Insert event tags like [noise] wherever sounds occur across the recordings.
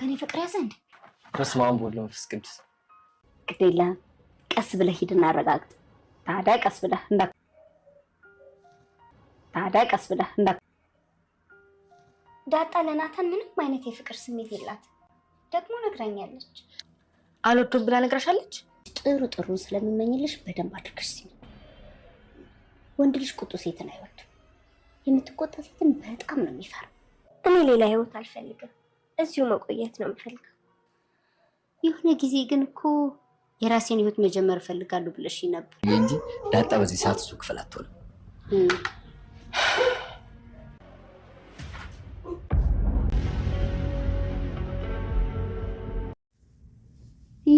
ከኔ ፍቅር ያዘ እንዴ? በስመ አብ ወወልድ ወመንፈስ ቅዱስ። ግድ የለም ቀስ ብለህ ሂድና አረጋግጥ። ታዲያ ቀስ ብለህ እንዳ ታዲያ ቀስ ብለህ እንዳ ዳጣ ለናታን ምንም አይነት የፍቅር ስሜት የላት። ደግሞ ነግራኛለች። አልወድም ብላ ነግራሻለች። ጥሩ ጥሩ ስለሚመኝልሽ በደንብ አድርገሽ ሲ ወንድ ልጅ ቁጡ ሴትን አይወድም። የምትቆጣ ሴትን በጣም ነው የሚፈራ። እኔ ሌላ ህይወት አልፈልግም። እዚሁ መቆየት ነው የምፈልገው። የሆነ ጊዜ ግን እኮ የራሴን ህይወት መጀመር እፈልጋለሁ ብለሽ ነበር እንጂ ዳጣ በዚህ ሰዓት እሱ ክፍል አትሆንም።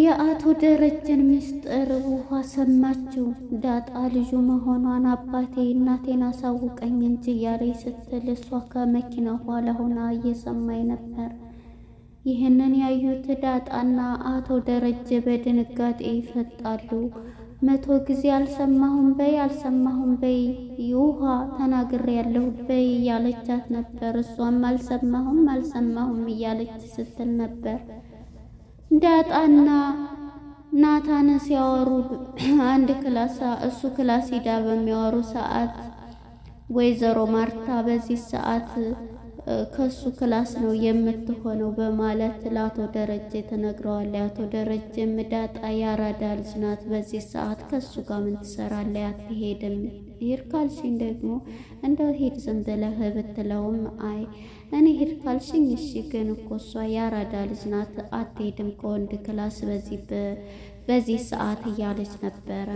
የአቶ ደረጀን ምስጢር ውሃ ሰማችው። ዳጣ ልጁ መሆኗን አባቴ እናቴን አሳውቀኝ እንጂ እያለች ስትል እሷ ከመኪና ኋላ ሆና እየሰማኝ ነበር። ይህንን ያዩት ዳጣና አቶ ደረጀ በድንጋጤ ይፈጣሉ። መቶ ጊዜ አልሰማሁም በይ አልሰማሁም በይ ይውሃ ተናግሬ ያለሁ በይ እያለቻት ነበር። እሷም አልሰማሁም አልሰማሁም እያለች ስትል ነበር። ዳጣና ናታን ሲያወሩ አንድ ክላስ እሱ ክላስ ሂዳ በሚያወሩ ሰዓት ወይዘሮ ማርታ በዚህ ሰዓት ከሱ ክላስ ነው የምትሆነው በማለት ለአቶ ደረጀ ተነግረዋለች። አቶ ደረጀም ምዳጣ ያራዳ ልጅ ናት፣ በዚህ ሰዓት ከሱ ጋር ምን ትሰራለ? አትሄድም። ሂድ ካልሽኝ ደግሞ እንደው ሂድ ዝም ብለህ ብትለውም አይ እኔ ሂድ ካልሽኝ እሺ፣ ግን እኮ እሷ ያራዳ ልጅ ናት፣ አትሄድም ከወንድ ክላስ በዚህ በዚህ ሰዓት እያለች ነበረ።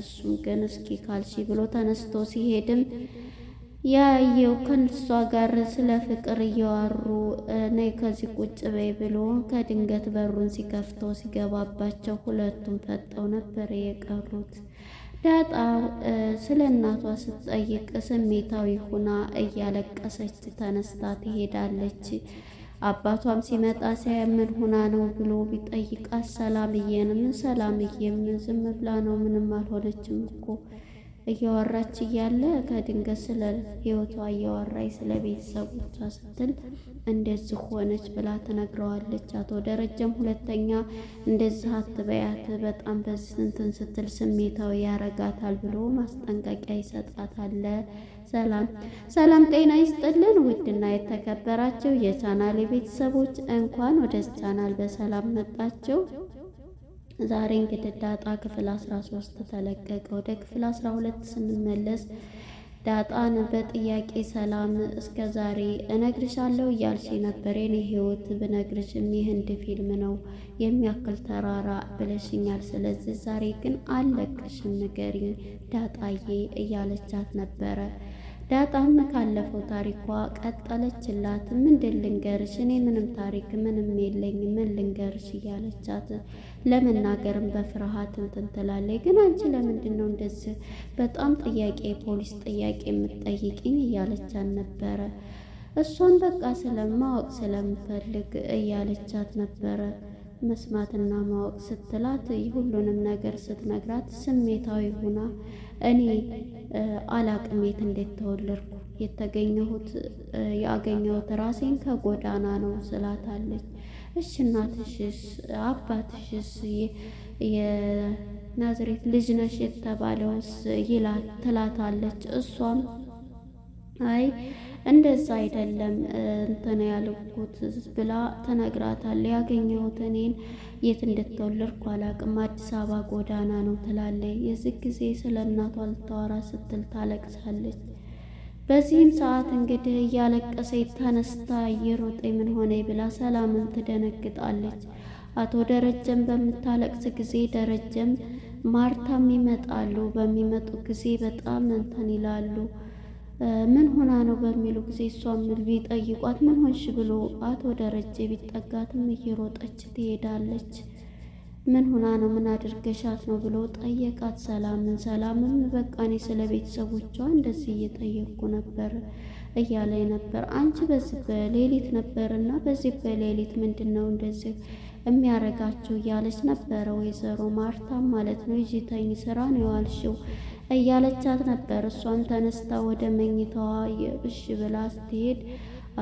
እሱም ግን እስኪ ካልሽ ብሎ ተነስቶ ሲሄድም ያየው ከእሷ ጋር ስለ ፍቅር እያወሩ ነይ ከዚህ ቁጭ በይ ብሎ ከድንገት በሩን ሲከፍተው ሲገባባቸው ሁለቱም ፈጠው ነበር የቀሩት። ዳጣ ስለ እናቷ ስትጠይቅ ስሜታዊ ሁና እያለቀሰች ተነስታ ትሄዳለች። አባቷም ሲመጣ ሲያምን ሁና ነው ብሎ ቢጠይቃት ሰላምዬንም ሰላምዬም ዝም ብላ ነው ምንም አልሆነችም እኮ እያወራች እያለ ከድንገት ስለ ህይወቷ እያወራች ስለ ቤተሰቦቿ ስትል እንደዚህ ሆነች ብላ ትነግረዋለች። አቶ ደረጀም ሁለተኛ እንደዚህ አትበያት፣ በጣም በዚህ እንትን ስትል ስሜታዊ ያረጋታል ብሎ ማስጠንቀቂያ ይሰጣታል። ሰላም ሰላም፣ ጤና ይስጥልን ውድና የተከበራቸው የቻናል ቤተሰቦች እንኳን ወደ ቻናል በሰላም መጣቸው። ዛሬ እንግዲህ ዳጣ ክፍል 13 ተለቀቀ። ወደ ክፍል 12 ስንመለስ ዳጣን በጥያቄ ሰላም እስከ ዛሬ እነግርሻለሁ እያልሽ ነበር። የኔ ህይወት ብነግርሽም የህንድ ፊልም ነው የሚያክል ተራራ ብለሽኛል። ስለዚህ ዛሬ ግን አልለቅሽም ንገሪኝ ዳጣዬ እያለቻት ነበረ። ዳጣም ካለፈው ታሪኳ ቀጠለችላት። ምንድን ልንገርሽ እኔ ምንም ታሪክ ምንም የለኝ ምን ልንገርሽ እያለቻት ለመናገርም በፍርሃት እንትን ትላለች። ግን አንቺ ለምንድን ነው እንደዚህ በጣም ጥያቄ የፖሊስ ጥያቄ የምትጠይቅኝ እያለቻት ነበረ። እሷን በቃ ስለማወቅ ስለምፈልግ እያለቻት ነበረ። መስማትና ማወቅ ስትላት ሁሉንም ነገር ስትነግራት ስሜታዊ ሆና እኔ አላቅም የት እንዴት ተወለድኩ የተገኘሁት ያገኘሁት ራሴን ከጎዳና ነው ስላታለች። እሽ እናትሽስ አባትሽስ የናዝሬት ልጅ ነሽ የተባለውስ ይላት ትላታለች። እሷም አይ እንደዛ አይደለም እንትን ያልኩት ብላ ተነግራታል። ያገኘሁት እኔን የት እንደተወለድኩ አላቅም፣ አዲስ አበባ ጎዳና ነው ትላለች። የዚህ ጊዜ ስለ እናቷ ልታወራ ስትል ታለቅሳለች። በዚህም ሰዓት እንግዲህ እያለቀሰ ተነስታ እየሮጠ ምን ሆነ ብላ ሰላምን ትደነግጣለች። አቶ ደረጀም በምታለቅስ ጊዜ ደረጀም ማርታም ይመጣሉ። በሚመጡ ጊዜ በጣም እንትን ይላሉ። ምን ሆና ነው በሚሉ ጊዜ እሷም ቢጠይቋት ምን ሆንሽ ብሎ አቶ ደረጀ ቢጠጋትም እየሮጠች ትሄዳለች። ምን ሆና ነው ምን አድርገሻት ነው ብሎ ጠየቃት ሰላምን። ሰላምም በቃ እኔ ስለ ቤተሰቦቿ እንደዚህ እየጠየቅኩ ነበር እያለ ነበር። አንቺ በዚህ በሌሊት ነበር እና በዚህ በሌሊት ምንድን ነው እንደዚህ የሚያረጋችሁ እያለች ነበረ ወይዘሮ ማርታ ማለት ነው። ይዤ ተኝ ስራ ነው የዋልሽው እያለቻት ነበር። እሷም ተነስታ ወደ መኝታዋ የእሽ ብላ ስትሄድ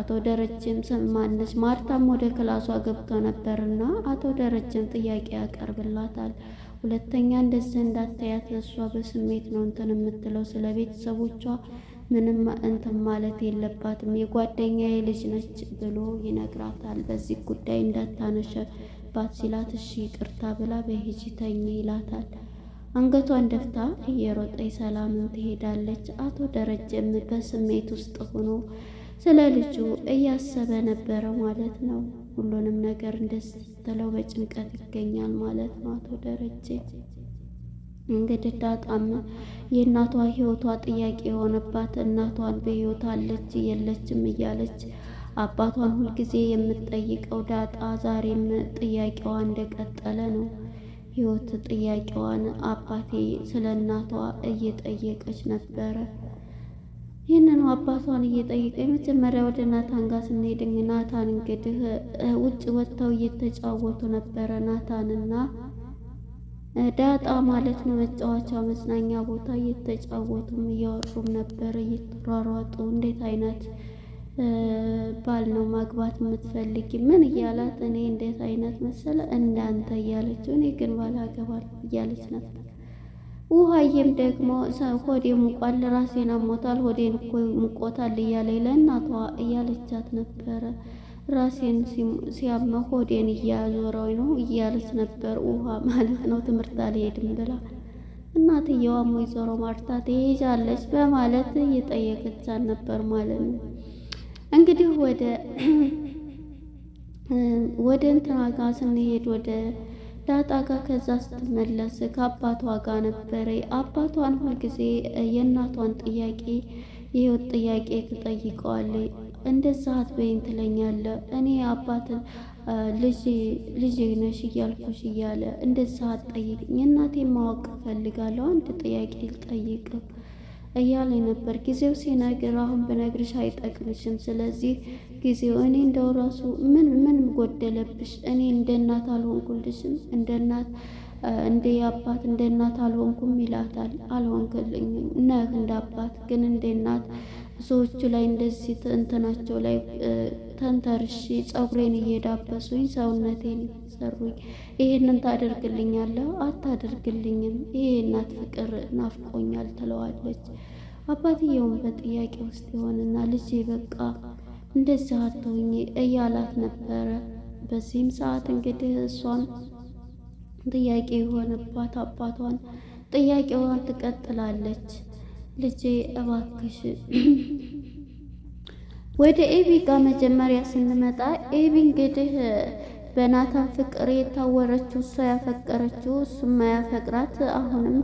አቶ ደረጀም ሰማነች። ማርታም ወደ ክላሷ ገብቶ ነበርና አቶ ደረጀም ጥያቄ ያቀርብላታል። ሁለተኛ እንደዚህ እንዳታያት እሷ በስሜት ነው እንትን የምትለው ስለ ቤተሰቦቿ ምንም እንትን ማለት የለባትም የጓደኛዬ ልጅ ነች ብሎ ይነግራታል። በዚህ ጉዳይ እንዳታነሸባት ሲላት እሺ ይቅርታ ብላ በሂጂ ተኝ ይላታል። አንገቷን ደፍታ እየሮጠች ሰላምን ትሄዳለች። አቶ ደረጀም በስሜት ውስጥ ሆኖ ስለ ልጁ እያሰበ ነበረ ማለት ነው። ሁሉንም ነገር እንደስተለው በጭንቀት ይገኛል ማለት ነው አቶ ደረጀ። እንግዲህ ዳጣም የእናቷ ህይወቷ ጥያቄ የሆነባት እናቷን በሕይወት አለች የለችም እያለች አባቷን ሁልጊዜ የምትጠይቀው ዳጣ ዛሬም ጥያቄዋ እንደቀጠለ ነው። ህይወት ጥያቄዋን አባቴ ስለ እናቷ እየጠየቀች ነበረ። ይህንኑ አባቷን እየጠየቀ የመጀመሪያ ወደ ናታን ጋር ስንሄድ ናታን እንግዲህ ውጭ ወጥተው እየተጫወቱ ነበረ። ናታንና ዳጣ ማለት ነው። መጫወቻ መዝናኛ ቦታ እየተጫወቱም እያወሩም ነበረ፣ እየተሯሯጡ እንዴት አይነት ባል ነው ማግባት የምትፈልጊ ምን እያላት፣ እኔ እንዴት አይነት መሰለ እንዳንተ እያለችው፣ እኔ ግን ባል አገባለሁ እያለች ነበር። ውሃዬም ደግሞ ሆዴ ሙቋል፣ ራሴን አሞታል፣ ሆዴን እኮ ሙቆታል እያለ ለእናቷ እያለቻት ነበረ። ራሴን ሲያመ ሆዴን እያዞረው ነው እያለች ነበር፣ ውሃ ማለት ነው። ትምህርት አልሄድም ብላ እናትየዋ ወይዘሮ ማርታ ትሄጃለች በማለት እየጠየቀቻት ነበር ማለት ነው። እንግዲህ ወደ [clears throat] ወደ እንትና ጋር ስንሄድ ወደ ዳጣ ጋር ከዛ ስትመለስ ከአባቷ ጋር ነበረ። አባቷን ሁልጊዜ የእናቷን ጥያቄ የህይወት ጥያቄ ትጠይቀዋለች። እንደዛ አትበይኝ ትለኛለህ፣ እኔ አባት ልጅ ነሽ እያልኩሽ እያለ እንደዛ አትጠይቅኝ፣ እናቴ ማወቅ እፈልጋለሁ፣ አንድ ጥያቄ ልጠይቅህ እያለ ነበር። ጊዜው ሲነግር አሁን ብነግርሽ አይጠቅምሽም። ስለዚህ ጊዜው እኔ እንደው ራሱ ምን ምን ጎደለብሽ? እኔ እንደ እናት አልሆንኩልሽም፣ እንደ እናት እንደ አባት እንደ እናት አልሆንኩም ይላታል። አልሆንክልኝም ነህ እንደ አባት ግን እንደ እናት ሰዎቹ ላይ እንደዚህ እንትናቸው ላይ ተንተርሼ ፀጉሬን እየዳበሱኝ ሰውነቴን ሰሩኝ። ይሄንን ታደርግልኛለህ? አታደርግልኝም። ይሄ እናት ፍቅር ናፍቆኛል ትለዋለች። አባትየውን በጥያቄ ውስጥ ይሆንና ልጄ በቃ እንደዚህ አትሁኝ እያላት ነበረ። በዚህም ሰዓት እንግዲህ እሷም ጥያቄ የሆነባት አባቷን ጥያቄዋን ትቀጥላለች። ልጄ እባክሽ ወደ ኤቢ ጋር መጀመሪያ ስንመጣ ኤቢ እንግዲህ በናታን ፍቅር የታወረችው እሷ ያፈቀረችው እሱማ ያፈቅራት አሁንም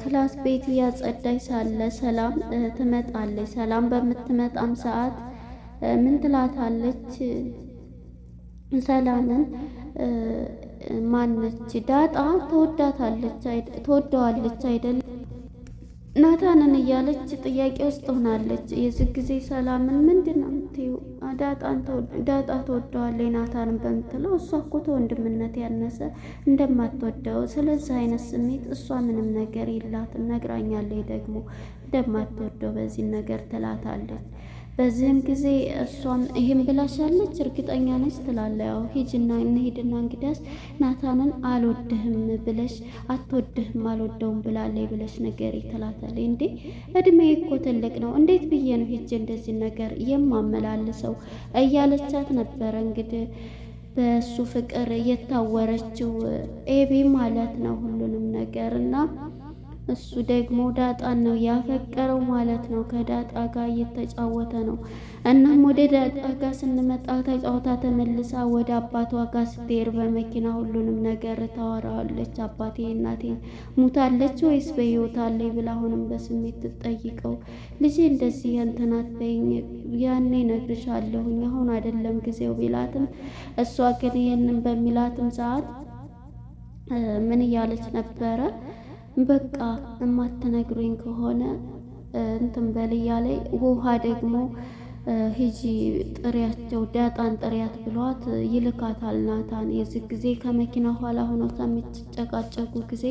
ክላስ ቤት እያጸዳች ሳለ ሰላም ትመጣለች። ሰላም በምትመጣም ሰዓት ምን ትላታለች? ሰላምን ማነች ዳጣ ተወዳታለች ተወደዋለች አይደለም ናታንን እያለች ጥያቄ ውስጥ ሆናለች። የዚህ ጊዜ ሰላምን ምንድን ነው የምትይው? ዳጣ ትወደዋለ ናታንን በምትለው እሷ እኮ ተወንድምነት ያነሰ እንደማትወደው ስለዚህ አይነት ስሜት እሷ ምንም ነገር የላትም ነግራኛለች። ደግሞ እንደማትወደው በዚህ ነገር ትላታለች። በዚህም ጊዜ እሷም ይህም ብላሻለች እርግጠኛ ነች ትላለ። ያው ሂጅና እንሂድና እንግዲያስ ናታንን አልወድህም ብለሽ አትወድህም አልወደውም ብላለይ ብለሽ ነገር ይትላታል። እንዴ እድሜ እኮ ትልቅ ነው፣ እንዴት ብዬ ነው ሂጅ እንደዚህ ነገር የማመላልሰው እያለቻት ነበረ እንግዲህ በእሱ ፍቅር የታወረችው ኤቢ ማለት ነው ሁሉንም ነገር እና እሱ ደግሞ ዳጣን ነው ያፈቀረው ማለት ነው። ከዳጣ ጋር እየተጫወተ ነው። እናም ወደ ዳጣ ጋር ስንመጣ ተጫውታ ተመልሳ ወደ አባቷ ጋር ስትሄድ በመኪና ሁሉንም ነገር ታወራዋለች። አባቴ እናቴ ሙታለች ወይስ በሕይወት አለኝ ብላ አሁንም በስሜት ትጠይቀው። ልጄ እንደዚህ እንትናት በይኝ ያኔ እነግርሻለሁኝ አሁን አይደለም ጊዜው ቢላትም እሷ ግን ይህንን በሚላትም ሰዓት ምን እያለች ነበረ በቃ የማትነግሩኝ ከሆነ እንትን በልያ ላይ ውሃ ደግሞ ሂጂ ጥሪያቸው ዳጣን ጥሪያት ብሏት ይልካታል ናታን። የዚህ ጊዜ ከመኪና ኋላ ሆኖ ከሚጨቃጨቁ ጊዜ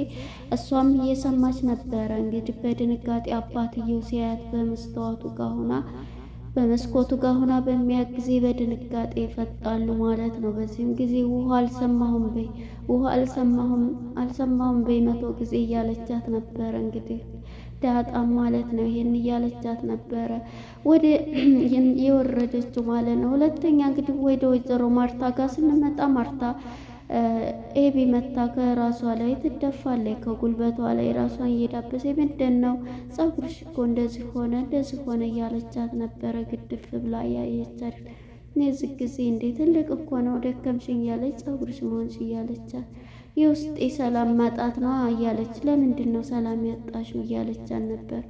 እሷም እየሰማች ነበረ። እንግዲህ በድንጋጤ አባትየው ሲያያት በመስተዋቱ ጋር ሆና በመስኮቱ ጋር ሆና በሚያት ጊዜ በድንጋጤ ይፈጣሉ ማለት ነው። በዚህም ጊዜ ውሃ አልሰማሁም በይ ውሃ አልሰማሁም አልሰማሁም በይ መቶ ጊዜ እያለቻት ነበረ። እንግዲህ ዳጣም ማለት ነው ይሄን እያለቻት ነበረ ወደ የወረደችው ማለት ነው። ሁለተኛ እንግዲህ ወደ ወይዘሮ ማርታ ጋር ስንመጣ ማርታ ኤቢ መታ ከራሷ ላይ ትደፋለች። ከጉልበቷ ላይ ራሷን እየዳበሰ ምንድን ነው ጸጉርሽ እኮ እንደዚህ ሆነ እንደዚህ ሆነ እያለቻት ነበረ። ግድፍ ብላ ያየቻት እዚህ ጊዜ እንዴ ትልቅ እኮ ነው ደከምሽ እያለች ጸጉርሽ መሆንሽ እያለቻት የውስጤ ሰላም ማጣት ነው እያለች ለምንድን ነው ሰላም ያጣሽ እያለቻት ነበር።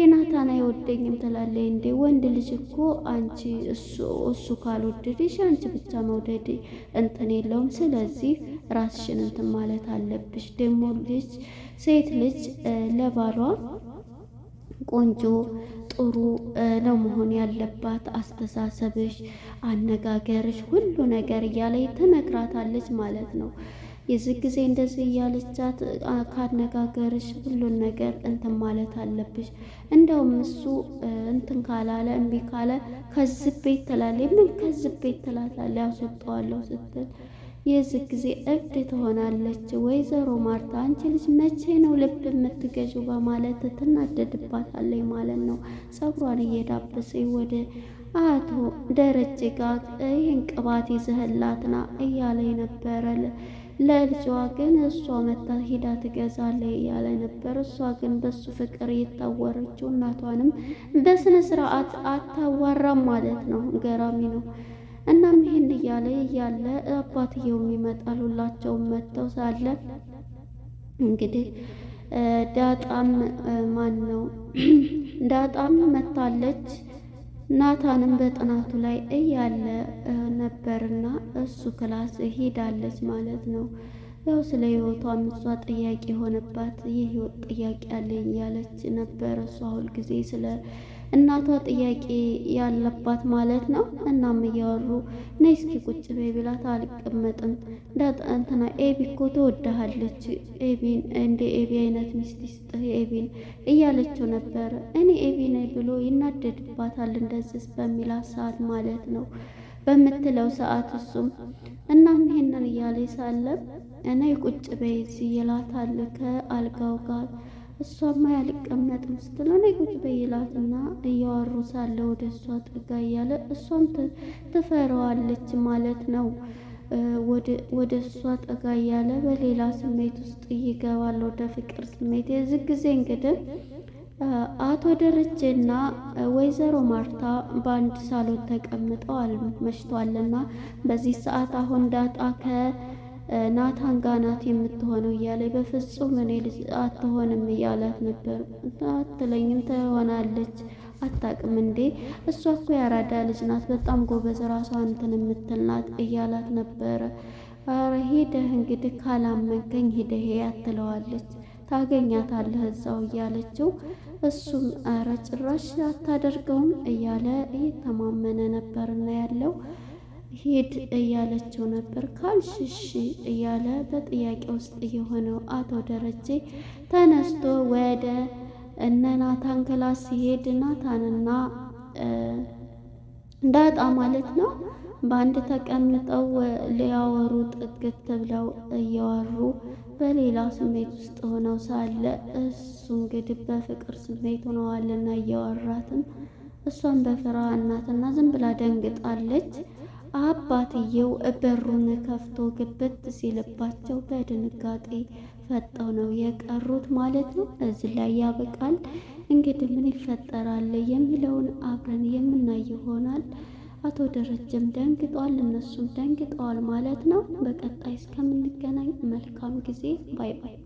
ሄናታን አይወደኝም ትላለች እንዴ? ወንድ ልጅ እኮ አንቺ እሱ ካልወደድሽ አንቺ ብቻ መውደድ እንትን የለውም። ስለዚህ ራስሽን እንትን ማለት አለብሽ። ደግሞ ልጅ ሴት ልጅ ለባሏ ቆንጆ ጥሩ ነው መሆን ያለባት። አስተሳሰብሽ፣ አነጋገርሽ፣ ሁሉ ነገር እያለ ትነግራታለች ማለት ነው። የዚህ ጊዜ እንደዚህ እያለቻት ካነጋገርሽ ሁሉን ነገር እንትን ማለት አለብሽ። እንደውም እሱ እንትን ካላለ እምቢ ካለ ከዚህ ቤት ትላለች። ምን ከዚህ ቤት ትላታለች፣ ያስወጣዋለሁ ስትል የዚህ ጊዜ እብድ ትሆናለች። ወይዘሮ ማርታ አንቺ ልጅ መቼ ነው ልብ የምትገዡ? በማለት ትናደድባታለች ማለት ነው። ጸጉሯን እየዳበሰ ወደ አቶ ደረጀ ጋር ይህን ቅባት ይዘህላትና እያለ ነበረ ለልጅዋ ግን እሷ መታ ሂዳ ትገዛለ እያለ ነበር። እሷ ግን በሱ ፍቅር የታወረችው እናቷንም በስነ ስርዓት አታዋራም ማለት ነው። ገራሚ ነው። እናም ይህን እያለ እያለ አባትየውም ይመጣል። ሁላቸውም መጥተው ሳለ እንግዲህ ዳጣም ማን ነው [clears throat] ዳጣም መታለች ናታንም በጥናቱ ላይ እያለ ነበርና እሱ ክላስ ሄዳለች ማለት ነው። ያው ስለ ህይወቷም እሷ ጥያቄ የሆነባት የህይወት ጥያቄ አለኝ ያለች ነበር። እሷ ሁልጊዜ ስለ እናቷ ጥያቄ ያለባት ማለት ነው። እናም እያወሩ ነይ እስኪ ቁጭ በይ ብላት አልቀመጥም እንትና ኤቢ እኮ ተወዳሃለች ኤቢን እንደ ኤቢ አይነት ሚስት ይስጥህ ኤቢን እያለችው ነበረ። እኔ ኤቢ ነኝ ብሎ ይናደድባታል እንደዚህ በሚላት ሰዓት ማለት ነው በምትለው ሰዓት እሱም እናም ይሄንን እያለ ሳለም እኔ ቁጭ በይ ይላታል ከአልጋው ጋር እሷማ ያልቀመጥም ስትል እኔ ቁጭ በይላትና እያወሩ ሳለ ወደ እሷ ጠጋ እያለ እሷም ትፈረዋለች ማለት ነው። ወደ እሷ ጠጋ እያለ በሌላ ስሜት ውስጥ ይገባል፣ ወደ ፍቅር ስሜት። የዚህ ጊዜ እንግዲህ አቶ ደረጀ ደረጀና ወይዘሮ ማርታ በአንድ ሳሎን ተቀምጠው መሽቷልና በዚህ ሰዓት አሁን ዳጣ ከ ናታን ጋ ናት የምትሆነው እያለ በፍጹም እኔ ልጅ አትሆንም እያላት ነበር። አትለኝም ትሆናለች አታቅም እንዴ እሷ እኮ ያራዳ ልጅ ናት፣ በጣም ጎበዝ፣ ራሷ እንትን የምትል ናት እያላት ነበረ። አረ ሂደህ እንግዲህ ካላመንከኝ ሂደህ ያትለዋለች ታገኛታለህ እዛው እያለችው እሱም ኧረ ጭራሽ አታደርገውም እያለ እየተማመነ ነበርና ያለው ሂድ እያለችው ነበር። ካልሽሽ እያለ በጥያቄ ውስጥ የሆነው አቶ ደረጀ ተነስቶ ወደ እነ ናታን ክላስ ሲሄድ ናታንና ዳጣ ማለት ነው በአንድ ተቀምጠው ሊያወሩ ጥግት ብለው እያወሩ በሌላ ስሜት ውስጥ ሆነው ሳለ እሱ እንግዲህ በፍቅር ስሜት ሆነዋልና እያወራትም እሷን በፍራ እናትና ዝም ብላ ደንግጣለች። አባትየው በሩን ከፍቶ ግብት ሲልባቸው በድንጋጤ ፈጠው ነው የቀሩት ማለት ነው። እዚህ ላይ ያበቃል። እንግዲህ ምን ይፈጠራል የሚለውን አብረን የምናይ ይሆናል። አቶ ደረጀም ደንግጧል፣ እነሱም ደንግጠዋል ማለት ነው። በቀጣይ እስከምንገናኝ መልካም ጊዜ። ባይ ባይ።